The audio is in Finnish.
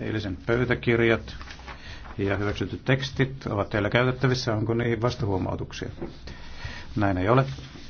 Eilisen pöytäkirjat ja hyväksytyt tekstit ovat teillä käytettävissä. Onko niihin vastahuomautuksia? Näin ei ole.